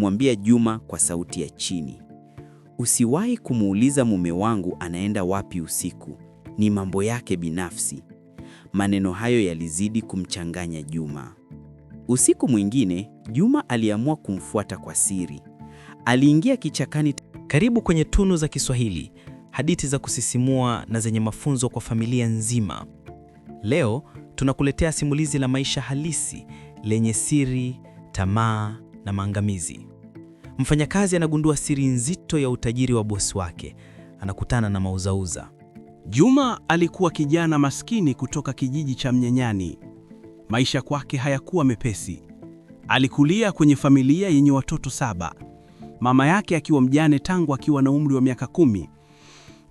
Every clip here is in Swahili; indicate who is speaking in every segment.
Speaker 1: mwambia Juma kwa sauti ya chini, usiwahi kumuuliza mume wangu anaenda wapi usiku, ni mambo yake binafsi. Maneno hayo yalizidi kumchanganya Juma. Usiku mwingine, Juma aliamua kumfuata kwa siri. Aliingia kichakani
Speaker 2: karibu kwenye tunu za Kiswahili, hadithi za kusisimua na zenye mafunzo kwa familia nzima. Leo tunakuletea simulizi la maisha halisi lenye siri, tamaa na maangamizi. Mfanyakazi anagundua siri nzito ya utajiri wa bosi wake. Anakutana na mauzauza.
Speaker 3: Juma alikuwa kijana maskini kutoka kijiji cha mnyanyani Maisha kwake hayakuwa mepesi. Alikulia kwenye familia yenye watoto saba, mama yake akiwa mjane tangu akiwa na umri wa miaka kumi.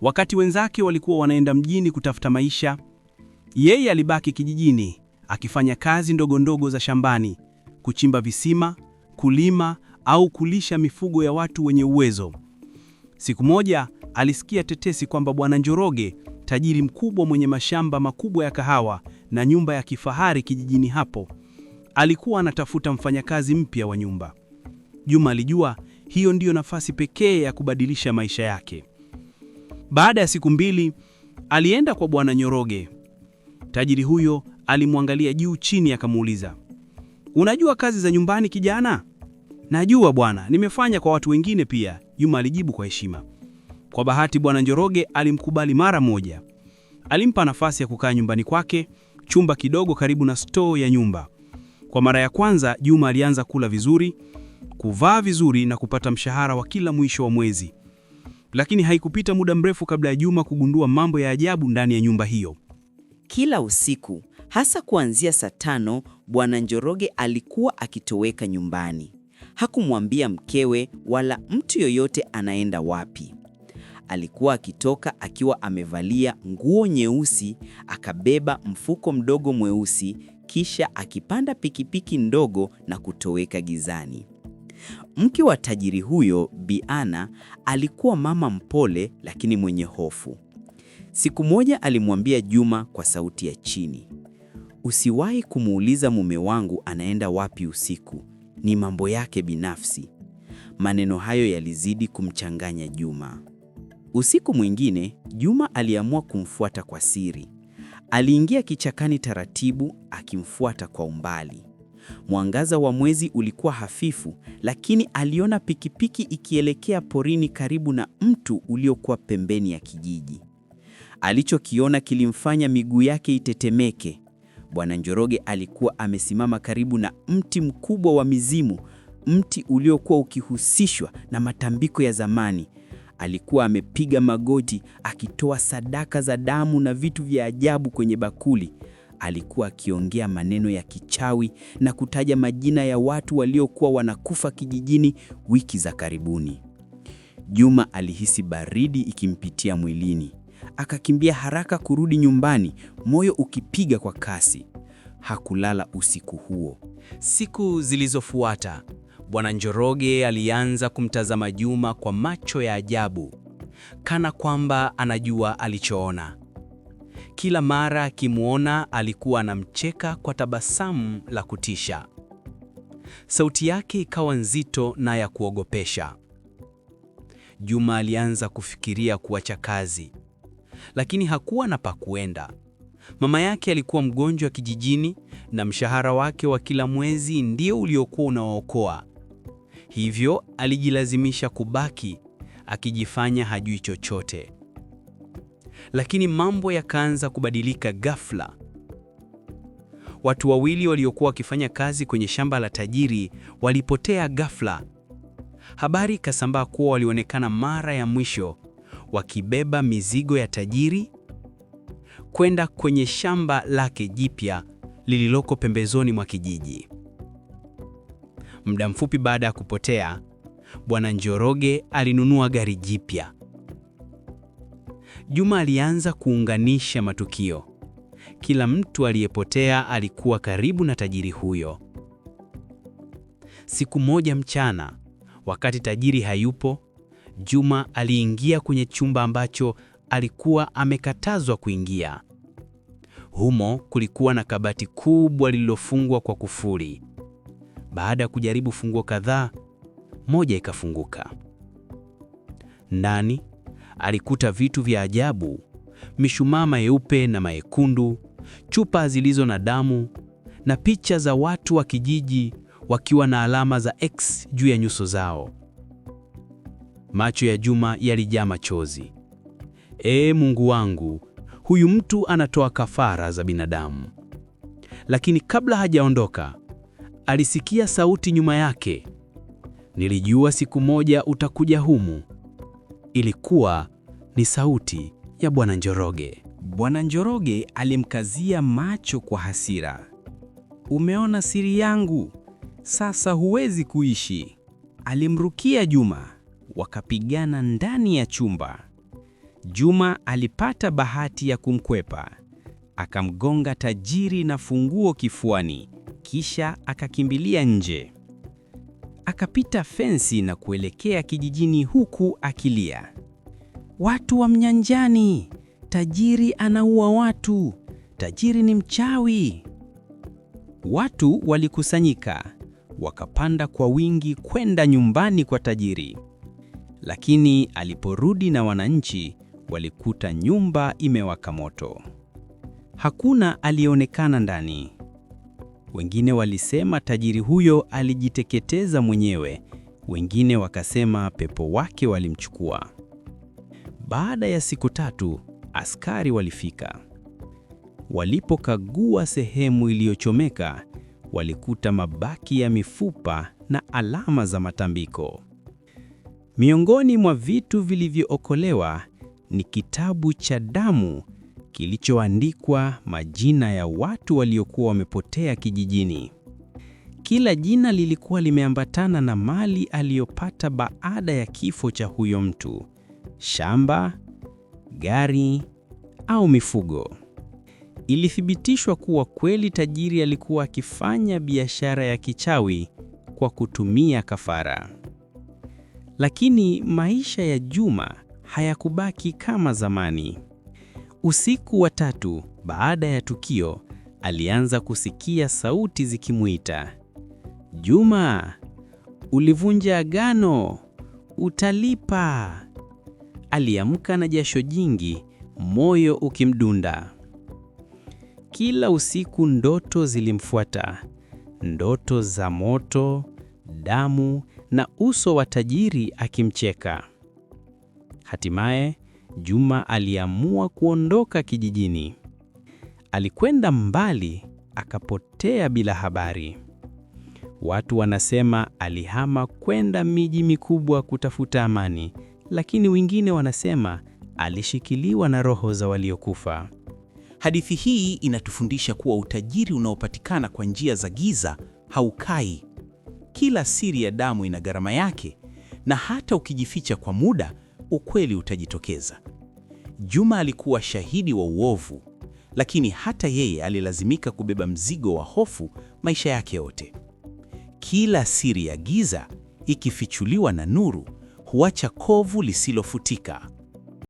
Speaker 3: Wakati wenzake walikuwa wanaenda mjini kutafuta maisha, yeye alibaki kijijini akifanya kazi ndogo ndogo za shambani, kuchimba visima, kulima au kulisha mifugo ya watu wenye uwezo. Siku moja alisikia tetesi kwamba Bwana Njoroge, tajiri mkubwa mwenye mashamba makubwa ya kahawa na nyumba ya kifahari kijijini hapo, alikuwa anatafuta mfanyakazi mpya wa nyumba. Juma alijua hiyo ndiyo nafasi pekee ya kubadilisha maisha yake. Baada ya siku mbili, alienda kwa Bwana Njoroge. Tajiri huyo alimwangalia juu chini, akamuuliza, unajua kazi za nyumbani kijana? Najua bwana, nimefanya kwa watu wengine pia, Juma alijibu kwa heshima. Kwa bahati bwana Njoroge alimkubali mara moja. Alimpa nafasi ya kukaa nyumbani kwake, chumba kidogo karibu na stoo ya nyumba. Kwa mara ya kwanza Juma alianza kula vizuri, kuvaa vizuri na kupata mshahara wa kila mwisho wa mwezi. Lakini haikupita muda mrefu kabla ya Juma kugundua mambo ya ajabu ndani ya nyumba hiyo.
Speaker 1: Kila usiku, hasa kuanzia saa tano, bwana Njoroge alikuwa akitoweka nyumbani hakumwambia mkewe wala mtu yoyote anaenda wapi. Alikuwa akitoka akiwa amevalia nguo nyeusi, akabeba mfuko mdogo mweusi, kisha akipanda pikipiki ndogo na kutoweka gizani. Mke wa tajiri huyo, biana alikuwa mama mpole lakini mwenye hofu. Siku moja alimwambia Juma kwa sauti ya chini, usiwahi kumuuliza mume wangu anaenda wapi usiku ni mambo yake binafsi. Maneno hayo yalizidi kumchanganya Juma. Usiku mwingine, Juma aliamua kumfuata kwa siri. Aliingia kichakani taratibu, akimfuata kwa umbali. Mwangaza wa mwezi ulikuwa hafifu, lakini aliona pikipiki ikielekea porini karibu na mtu uliokuwa pembeni ya kijiji. Alichokiona kilimfanya miguu yake itetemeke. Bwana Njoroge alikuwa amesimama karibu na mti mkubwa wa mizimu, mti uliokuwa ukihusishwa na matambiko ya zamani. Alikuwa amepiga magoti akitoa sadaka za damu na vitu vya ajabu kwenye bakuli. Alikuwa akiongea maneno ya kichawi na kutaja majina ya watu waliokuwa wanakufa kijijini wiki za karibuni. Juma alihisi baridi ikimpitia mwilini. Akakimbia haraka kurudi nyumbani, moyo ukipiga kwa kasi. Hakulala usiku huo.
Speaker 4: Siku zilizofuata, Bwana Njoroge alianza kumtazama Juma kwa macho ya ajabu, kana kwamba anajua alichoona. Kila mara akimwona, alikuwa anamcheka kwa tabasamu la kutisha. Sauti yake ikawa nzito na ya kuogopesha. Juma alianza kufikiria kuacha kazi, lakini hakuwa na pa kuenda. Mama yake alikuwa mgonjwa kijijini na mshahara wake wa kila mwezi ndio uliokuwa unaookoa. Hivyo alijilazimisha kubaki akijifanya hajui chochote. Lakini mambo yakaanza kubadilika ghafla. Watu wawili waliokuwa wakifanya kazi kwenye shamba la tajiri walipotea ghafla. Habari ikasambaa kuwa walionekana mara ya mwisho wakibeba mizigo ya tajiri kwenda kwenye shamba lake jipya lililoko pembezoni mwa kijiji. Muda mfupi baada ya kupotea, Bwana Njoroge alinunua gari jipya. Juma alianza kuunganisha matukio. Kila mtu aliyepotea alikuwa karibu na tajiri huyo. Siku moja mchana, wakati tajiri hayupo, Juma aliingia kwenye chumba ambacho alikuwa amekatazwa kuingia. Humo kulikuwa na kabati kubwa lililofungwa kwa kufuli. Baada ya kujaribu funguo kadhaa, moja ikafunguka. Ndani alikuta vitu vya ajabu, mishumaa meupe na mekundu, chupa zilizo na damu na picha za watu wa kijiji wakiwa na alama za X juu ya nyuso zao. Macho ya Juma yalijaa machozi. Ee Mungu wangu, huyu mtu anatoa kafara za binadamu. Lakini kabla hajaondoka, alisikia sauti nyuma yake. Nilijua siku moja utakuja humu. Ilikuwa ni sauti ya Bwana Njoroge.
Speaker 5: Bwana Njoroge alimkazia macho kwa hasira. Umeona siri yangu, sasa huwezi kuishi. Alimrukia Juma wakapigana ndani ya chumba. Juma alipata bahati ya kumkwepa, akamgonga tajiri na funguo kifuani, kisha akakimbilia nje. Akapita fensi na kuelekea kijijini huku akilia, watu wa mnyanjani, tajiri anaua watu, tajiri ni mchawi. Watu walikusanyika wakapanda kwa wingi kwenda nyumbani kwa tajiri lakini aliporudi na wananchi walikuta nyumba imewaka moto. Hakuna aliyeonekana ndani. Wengine walisema tajiri huyo alijiteketeza mwenyewe, wengine wakasema pepo wake walimchukua. Baada ya siku tatu, askari walifika. Walipokagua sehemu iliyochomeka, walikuta mabaki ya mifupa na alama za matambiko. Miongoni mwa vitu vilivyookolewa ni kitabu cha damu kilichoandikwa majina ya watu waliokuwa wamepotea kijijini. Kila jina lilikuwa limeambatana na mali aliyopata baada ya kifo cha huyo mtu: shamba, gari au mifugo. Ilithibitishwa kuwa kweli tajiri alikuwa akifanya biashara ya kichawi kwa kutumia kafara. Lakini maisha ya Juma hayakubaki kama zamani. Usiku wa tatu baada ya tukio, alianza kusikia sauti zikimwita Juma, ulivunja agano, utalipa. Aliamka na jasho jingi, moyo ukimdunda. Kila usiku ndoto zilimfuata, ndoto za moto, damu na uso wa tajiri akimcheka. Hatimaye Juma aliamua kuondoka kijijini. Alikwenda mbali, akapotea bila habari. Watu wanasema alihama kwenda miji mikubwa kutafuta amani, lakini wengine wanasema alishikiliwa na roho za waliokufa.
Speaker 1: Hadithi hii inatufundisha kuwa utajiri unaopatikana kwa njia za giza haukai, kila siri ya damu ina gharama yake, na hata ukijificha kwa muda, ukweli utajitokeza. Juma alikuwa shahidi wa uovu, lakini hata yeye alilazimika kubeba mzigo wa hofu maisha yake yote. Kila siri ya giza ikifichuliwa na nuru huacha kovu lisilofutika.